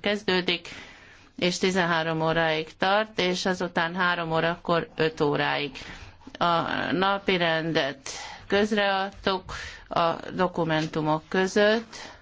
kezdődik, és 13 óráig tart, és azután 3 órakor 5 óráig. A napi rendet közreadtuk a dokumentumok között.